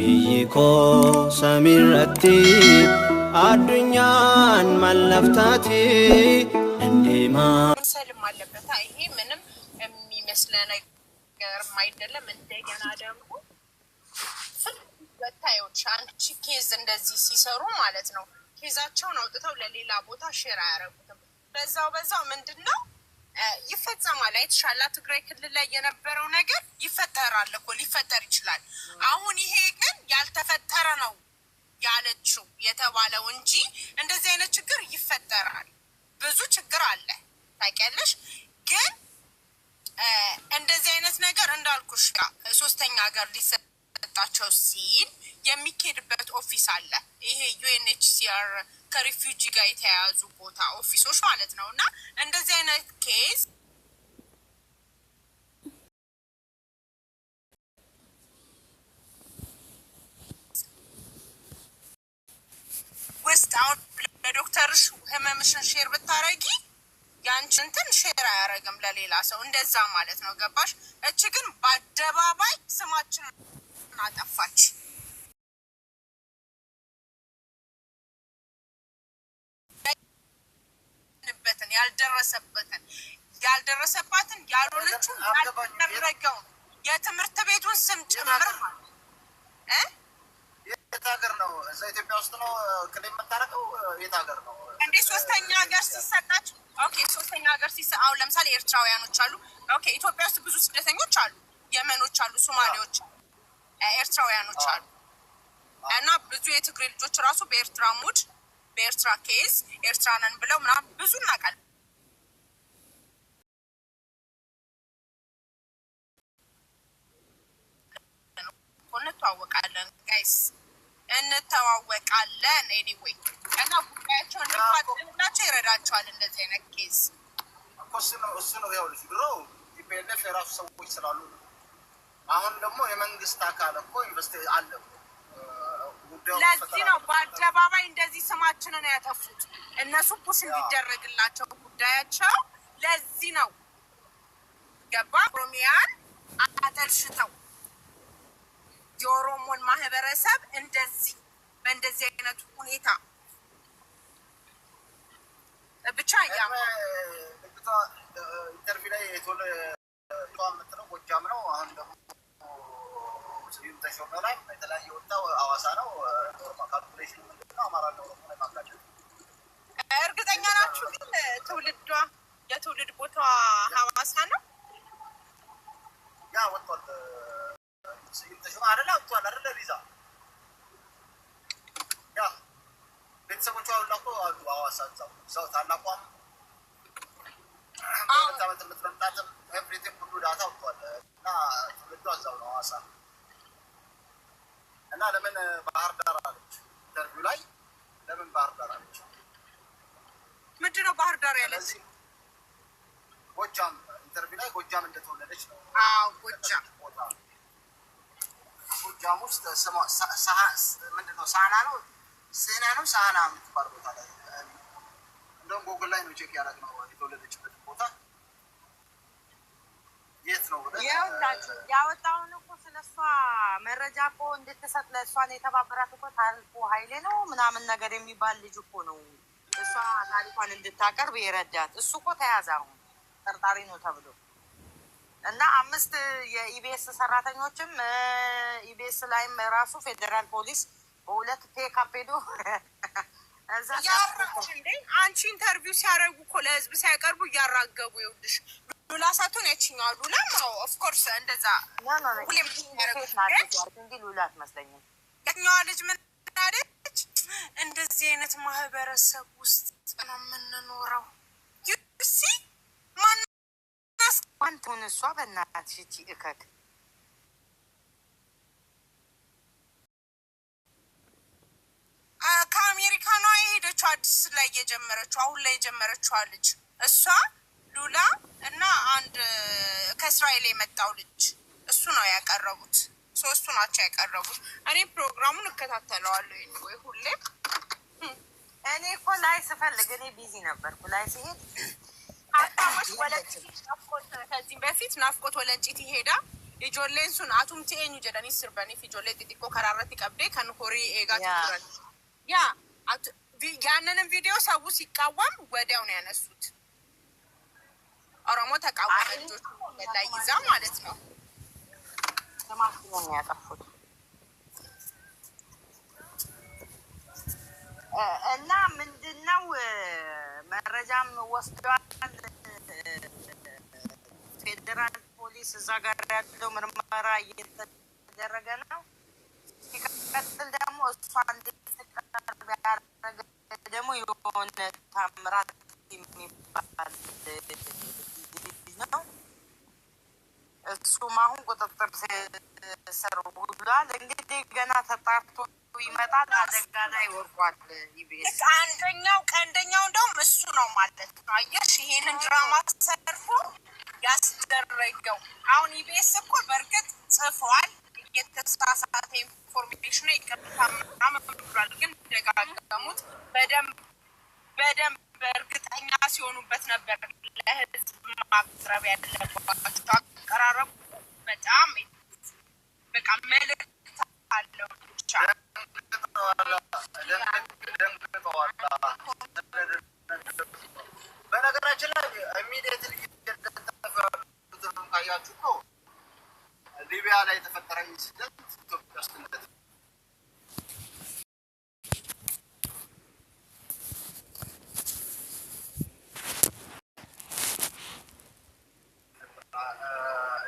Biyyi koo samiirratti addunyaan እንዴማ መሰልም አለበታ። ይሄ ምንም የሚመስለ ነገር አይደለም። እንደገና ደግሞ በታዮች አንቺ ኬዝ እንደዚህ ሲሰሩ ማለት ነው ኬዛቸውን አውጥተው ለሌላ ቦታ ሼር አያደርጉትም። በዛው በዛው ምንድን ነው ይፈጸማል። አይተሻላ ትግራይ ክልል ላይ የነበረው ነገር ይፈጠራል እኮ ሊፈጠር ይችላል። የተባለው እንጂ እንደዚህ አይነት ችግር ይፈጠራል። ብዙ ችግር አለ ታውቂያለሽ። ግን እንደዚህ አይነት ነገር እንዳልኩሽ ሶስተኛ ሀገር ሊሰጣቸው ሲል የሚካሄድበት ኦፊስ አለ። ይሄ ዩኤንኤችሲአር ከሪፊውጂ ጋር የተያያዙ ቦታ ኦፊሶች ማለት ነው እና እንደዚህ አይነት ኬዝ ለዶክተርሽ ህመምሽን ሼር ብታረጊ ያንችንትን እንትን ሼር አያረግም ለሌላ ሰው። እንደዛ ማለት ነው ገባሽ? እች ግን በአደባባይ ስማችን አጠፋች። በትን ያልደረሰበትን ያልደረሰባትን ያልሆነችውን ያልተደረገውን የትምህርት ቤቱን ስም ጭምር ማለት የት ሀገር ነው? እዛ ኢትዮጵያ ውስጥ ነው ክሌም የምታደርገው? የት ሀገር ነው እንዴ? ሶስተኛ ሀገር ሲሰጣችሁ? ኦኬ ሶስተኛ ሀገር ሲሰ አሁን ለምሳሌ ኤርትራውያኖች አሉ። ኦኬ ኢትዮጵያ ውስጥ ብዙ ስደተኞች አሉ፣ የመኖች አሉ፣ ሶማሌዎች፣ ኤርትራውያኖች አሉ። እና ብዙ የትግሬ ልጆች ራሱ በኤርትራ ሙድ በኤርትራ ኬዝ ኤርትራ ነን ብለው ምናምን ብዙ እናውቃለን። እንተዋወቃለን ጋይስ እንተዋወቃለን። ኤኒዌይ እና ጉዳያቸው እንዲፋጥንላቸው ይረዳቸዋል። እንደዚህ አይነት ኬስ እሱ ነው። ልጅ ድሮ ኢፒኤልኤፍ የራሱ ሰዎች ስላሉ አሁን ደግሞ የመንግስት አካል እኮ ኢንቨስት አለ። ለዚህ ነው በአደባባይ እንደዚህ ስማችንን ያጠፉት እነሱ ቡሽ እንዲደረግላቸው ጉዳያቸው። ለዚህ ነው ገባ ኦሮሚያን አተልሽተው የኦሮሞን ማህበረሰብ እንደዚህ በእንደዚህ አይነቱ ሁኔታ ብቻ ያ ኢንተርቪው ጎጃም ነው። አሁን ደግሞ ሙስሊም የተለያየ ወጣ ነው ካልኩሌሽን አማራ እርግጠኛ ናችሁ? ግን ትውልዷ የትውልድ ቦታዋ ሀዋሳ ነው ያ ወጥቷል ተሾመ አይደለ አምቷል አይደለ ቤተሰቦቿ ሁላ አሉ ሐዋሳ ታላቋም ሁለት ዓመት ዳታ አውጥቷል እና ትውልዷ እዛው ባህር ዳር አለች ኢንተርቪው ላይ ለምን ባህር ነው ባህር ጎጃም ኢንተርቪው እንደተወለደች ነው ጎጃም ውስጥ ምንድነው ሳና ነው ስህና ነው ሳና የምትባል ቦታ ላይ እንደውም ጎግል ላይ ነው ቼክ ነው የተወለደችበት ቦታ የት ነው ብለውላችሁ ያወጣውን እኮ ስለ እሷ መረጃ እኮ እንድትሰጥ ለእሷን የተባበራት እኮ ታልፎ ሀይሌ ነው ምናምን ነገር የሚባል ልጅ እኮ ነው እሷ ታሪኳን እንድታቀርብ የረዳት እሱ እኮ ተያዘ አሁን ጠርጣሪ ነው ተብሎ እና አምስት የኢቢኤስ ሰራተኞችም ኢቢኤስ ላይም ራሱ ፌዴራል ፖሊስ በሁለት ፔካፕ ሄዶ ያራች እንዴ አንቺ ኢንተርቪው ሲያደርጉ እኮ ለህዝብ ሲያቀርቡ እያራገቡ ይኸውልሽ፣ ሉላ የችኛዋ ሉላ ነው። ኦፍኮርስ እንደዛ እንጂ ሉላ አትመስለኝም። ያችኛዋ ልጅ ምን አለች? እንደዚህ አይነት ማህበረሰብ ውስጥ ነው የምንኖረው ዩሲ ማን አስኳን ትሁን እሷ በእናትሽ እቺ እከክ ከአሜሪካኗ የሄደችው አዲስ ላይ የጀመረችው አሁን ላይ የጀመረችዋ ልጅ እሷ ሉላ እና አንድ ከእስራኤል የመጣው ልጅ እሱ ነው ያቀረቡት። ሶስቱ ናቸው ያቀረቡት። እኔ ፕሮግራሙን እከታተለዋለሁ ወይ ሁሌም። እኔ እኮ ላይ ስፈልግ እኔ ቢዚ ነበርኩ ላይ ሲሄድ ሀብታሞች ወለንጭት ናፍቆት ከዚህም በፊት ናፍቆት ወለንጭት ይሄዳ ijoolleen sun atumti eenyu jedhanii sirbaniif ijoollee ጥጥቆ ከራረት ቀብዴ ከንኮሪ kan horii ያ ያንንም ቪዲዮ ሰው ሲቃወም ወዲያው ነው ያነሱት። ኦሮሞ ተቃወመ ልጆቹ ላይ ይዛ ማለት ነው ያጠፉት እና ምንድነው መረጃም ወስደዋል ፌዴራል ፖሊስ እዛ ጋር ያለው ምርመራ እየተደረገ ነው። ሲቀጥል ደግሞ እሷ እንድትቀርብ ያደረገ ደግሞ የሆነ ታምራት የሚባል ነው። እሱም አሁን ቁጥጥር ስር ውሏል። እንግዲህ ገና ተጣርቶ ይመጣል። አደጋ ላይ ወርቋል። ይቤት አንደኛው ቀንደኛው እንደውም እሱ ነው ማለት ነው። አየሽ ይሄንን ድራማ ሰርፎ ያስደረገው። አሁን ኢቢኤስ እኮ በእርግጥ ጽፏል የተሳሳተ ኢንፎርሜሽን ይቅርታ ምናምን ግን ደጋገሙት በደንብ በደንብ በእርግጠኛ ሲሆኑበት ነበር ለህዝብ ማቅረብ ያለባቸው። አቀራረቡ በጣም በቃ መልእክት አለው ብቻ በነገራችን ላይ ኢሚዲየትሊ ካያችሁ እኮ ሊቢያ ላይ የተፈጠረ ኢንሲደንት ኢትዮጵያ ውስጥ እንደት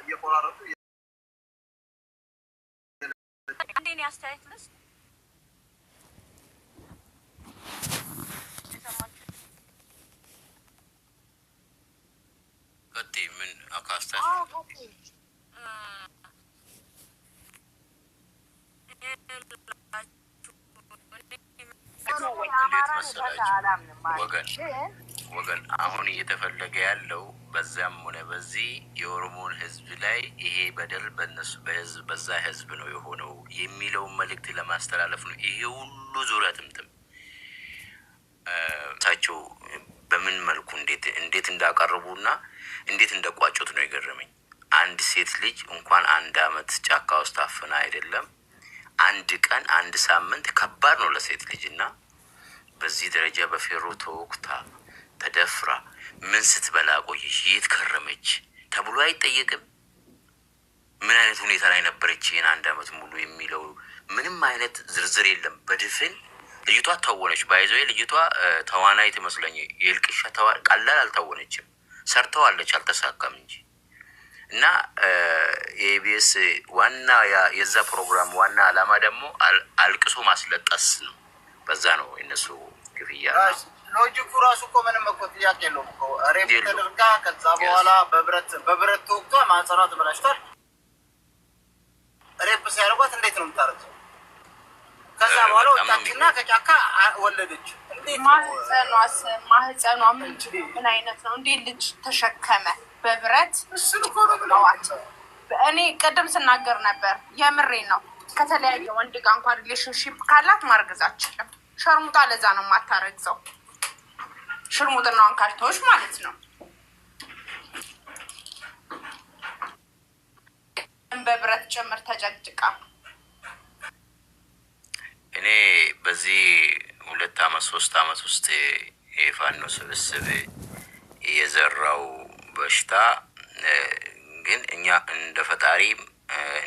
እየቆራረጡ after. Oh, okay. ወገን ወገን አሁን እየተፈለገ ያለው በዛም ሆነ በዚህ የኦሮሞን ህዝብ ላይ ይሄ በደል በነሱ በህዝብ በዛ ህዝብ ነው የሆነው የሚለውን መልእክት ለማስተላለፍ ነው። ይሄ ሁሉ ዙሪያ ትምትም በምን መልኩ እንዴት እንዳቀርቡና እንዴት እንደቋጩት ነው የገረመኝ። አንድ ሴት ልጅ እንኳን አንድ አመት ጫካ ውስጥ አፍና አይደለም አንድ ቀን አንድ ሳምንት ከባድ ነው ለሴት ልጅ እና በዚህ ደረጃ በፌሮ ተወቅታ ተደፍራ ምን ስትበላ ቆየች፣ የት ከረመች ተብሎ አይጠየቅም። ምን አይነት ሁኔታ ላይ ነበረች ይህን አንድ አመት ሙሉ የሚለው ምንም አይነት ዝርዝር የለም በድፍን ልጅቷ ተወነች። ባይዘዌ ልጅቷ ተዋናይ ትመስለኝ ተዋ ቀላል አልታወነችም። ሰርተዋለች አልተሳካም እንጂ እና የኢቢኤስ ዋና የዛ ፕሮግራም ዋና አላማ ደግሞ አልቅሶ ማስለቀስ ነው። በዛ ነው የነሱ ግፍያ ሎጂኩ ራሱ እኮ ምንም እኮ ጥያቄ የለውም እኮ ሬፕ ተደርጋ ከዛ በኋላ በብረት በብረት ተወቅቷ ማንሰራት ብላሽቷል። ሬፕ ሲያደርጓት እንዴት ነው የምታረገው? ከዛ በኋላ ወጣችና ከጫካ ወለደች። ማህፀኗ ምን አይነት ነው? እንዴት ልጅ ተሸከመ? በብረት እኔ ቅድም ስናገር ነበር፣ የምሬ ነው። ከተለያየ ወንድ ጋር እንኳን ሪሌሽንሽፕ ካላት ማርገዝ አችልም። ሸርሙጣ ለዛ ነው የማታረግዘው። ሽርሙጥናዋን ካልተዎች ማለት ነው። በብረት ጭምር ተጨቅጭቃ እኔ በዚህ ሁለት አመት ሶስት አመት ውስጥ የፋኖ ስብስብ የዘራው በሽታ ግን እኛ እንደ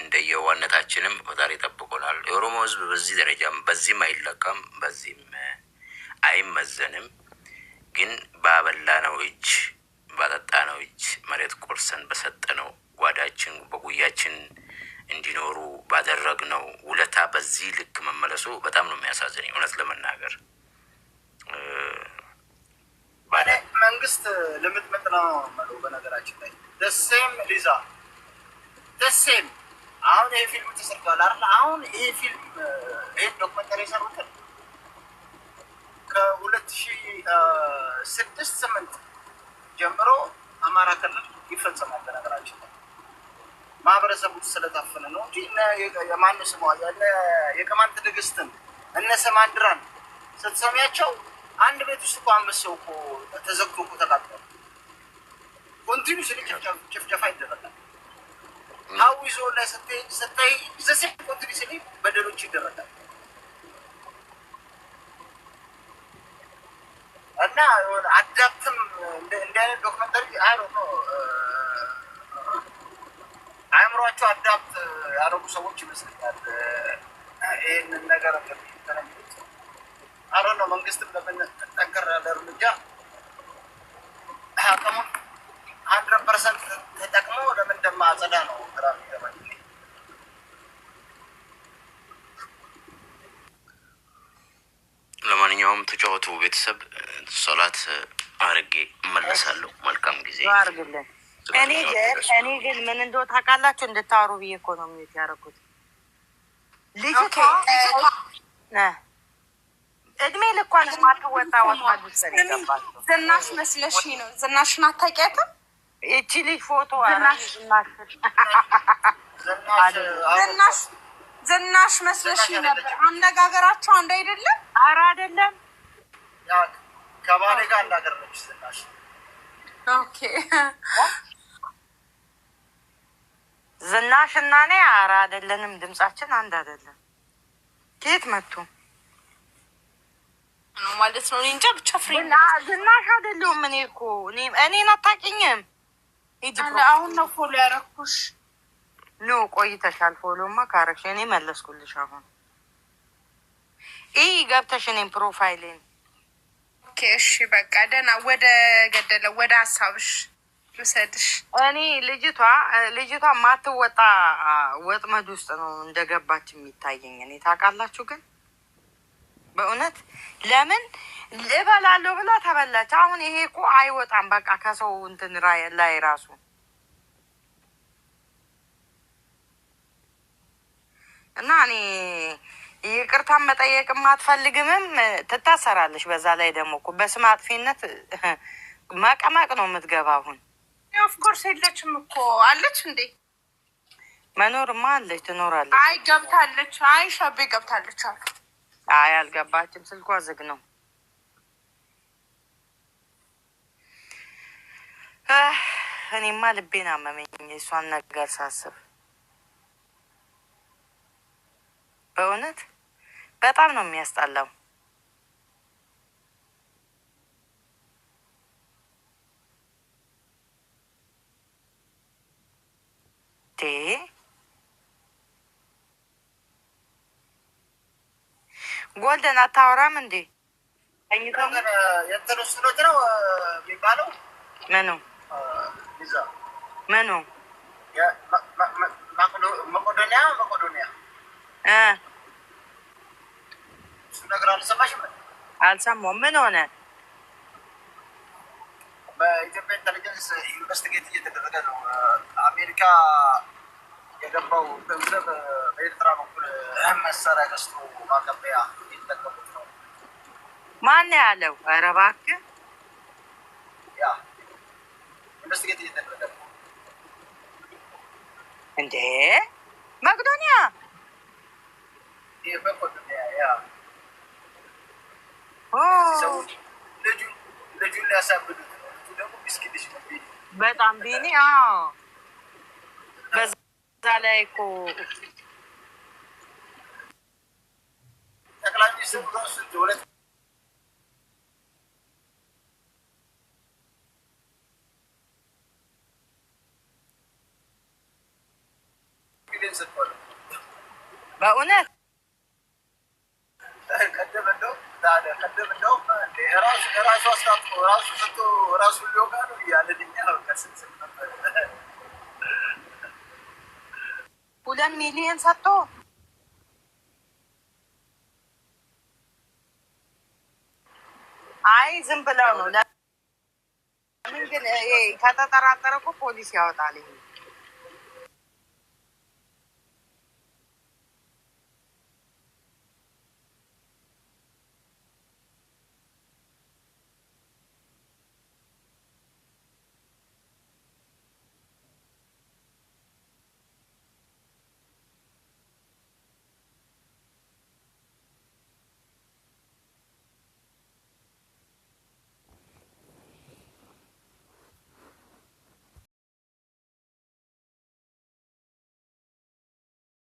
እንደ የዋነታችንም ፈጣሪ ጠብቆናል። የኦሮሞ ህዝብ በዚህ ደረጃም በዚህም አይለቀም፣ በዚህም አይመዘንም። ግን ነው እጅ ነው እጅ መሬት ቆርሰን ነው ጓዳችን በጉያችን እንዲኖሩ ባደረግነው ውለታ በዚህ ልክ መመለሱ በጣም ነው የሚያሳዝነኝ እውነት ለመናገር መንግስት ልምጥምጥ ነው የምለው በነገራችን ላይ ደሴም ሊዛ ደሴም አሁን ይሄ ፊልም ተሰርተዋል አይደል? አሁን ይሄ ፊልም ይሄን ዶክመንተሪ የሰሩትን ከሁለት ሺ ስድስት ስምንት ጀምሮ አማራ ክልል ይፈጸማል በነገራችን ላይ ማህበረሰቡ ውስጥ ስለታፈነ ነው እንጂ የማን ስሟ የቅማንት ንግስትን እነ ሰማንድራን ስትሰሚያቸው አንድ ቤት ውስጥ እኮ አምስት ሰው እኮ ተዘግቶ እኮ ተቃጠሉ። ኮንቲኒ ጭፍጨፋ ይደረጋል። ሀዊ ዞን ላይ ስታይ ዘሴ ኮንቲኒ በደሎች ይደረጋል። እና አዳፕትም እንደ አይነት ዶክመንተሪ አይ ነው አእምሯቸው አዳፕት ያደረጉ ሰዎች ይመስለኛል። ይህንን ነገር አሮ ነው። መንግስትም ለምን ጠንከር ያለ እርምጃ አቅሙን አንድ ፐርሰንት ተጠቅሞ ለምን እንደማጸዳ ነው ግራ የሚገባኝ። ለማንኛውም ተጫወቱ ቤተሰብ ሶላት አርጌ መለሳለሁ። መልካም ጊዜ አርግልን። እኔ ግን እኔ ግን ምን እንደው ታውቃላችሁ እንድታወሩ ብዬ እኮ ነው ሚት ያደረኩት። ልጅቷ እድሜ ልኳን ማትወጣ ወጣ ዝናሽ መስለሽ ነው። ዝናሽን አታውቂያትም? ይቺ ልጅ ፎቶ ዝናሽ ዝናሽ መስለሽ ነበር። አነጋገራቸው አንድ አይደለም። ኧረ አይደለም ከባሌ ጋር እንዳገርመች ዝናሽ ኦኬ ዝናሽና እኔ አራ አይደለንም። ድምጻችን አንድ አይደለም። ከየት መጡ ማለት ነው? እንጃ ብቻ ፍሬ ዝናሽ አይደለሁም እኔ እኮ እኔን አታውቂኝም። አሁን ነው ፎሎ ያረኩሽ። ኖ ቆይተሻል። ፎሎማ ካረግሽ እኔ መለስኩልሽ። አሁን ይህ ገብተሽ እኔም ፕሮፋይሌን። ኦኬ እሺ፣ በቃ ደህና። ወደ ገደለ ወደ ሀሳብሽ ልውሰድሽ። እኔ ልጅቷ ልጅቷ ማትወጣ ወጥመድ ውስጥ ነው እንደገባች የሚታየኝ እኔ። ታውቃላችሁ ግን በእውነት ለምን እበላለሁ ብላ ተበላች። አሁን ይሄ እኮ አይወጣም በቃ ከሰው እንትን ላይ ራሱ እና እኔ ይቅርታን መጠየቅም አትፈልግምም፣ ትታሰራለች። በዛ ላይ ደግሞ እኮ በስም አጥፊነት መቀመቅ ነው የምትገባ አሁን ኦፍኮርስ የለችም እኮ አለች እንዴ? መኖርማ አለች ትኖራለች። አይ ገብታለች። አይ ሻቤ ገብታለች አሉ። አይ አልገባችም፣ ስልኳ ዝግ ነው። እኔማ ልቤን አመመኝ የእሷን ነገር ሳስብ በእውነት በጣም ነው የሚያስጠላው። ጎልደን አታወራም እንዴ? የተነሱት ነው የሚባለው። ምኑ ምኑ መቆዶኒያ መቆዶኒያ እሱ ነገር አልሰማሽም? አልሰማሁም። ምን ሆነ? በኢትዮጵያ ኢንቨስቲጌት እየተደረገ ነው አሜሪካ የገባው ገንዘብ በኤርትራ በኩል መሳሪያ ገዝቶ ማቀበያ የሚጠቀሙት ነው። ማን ያለው? ኧረ እባክህ ያ ኢንቨስቲጌት እየተደረገ ነው እንዴ መቅዶኒያ ልጁን ሊያሳብዱት ነው። ደግሞ ሚስኪን ልጅ ነው። በጣም ቢኒ አዎ عليكم باونات قدم النوم لا قدم النوم راس راس راس راس راس اللوغان ويا الذين يروا كاسنسنا ሁለት ሚሊዮን ሰጥቶ አይ ዝም ብለው ነው። ለምን ግን ከተጠራጠረ እኮ ፖሊስ ያወጣል።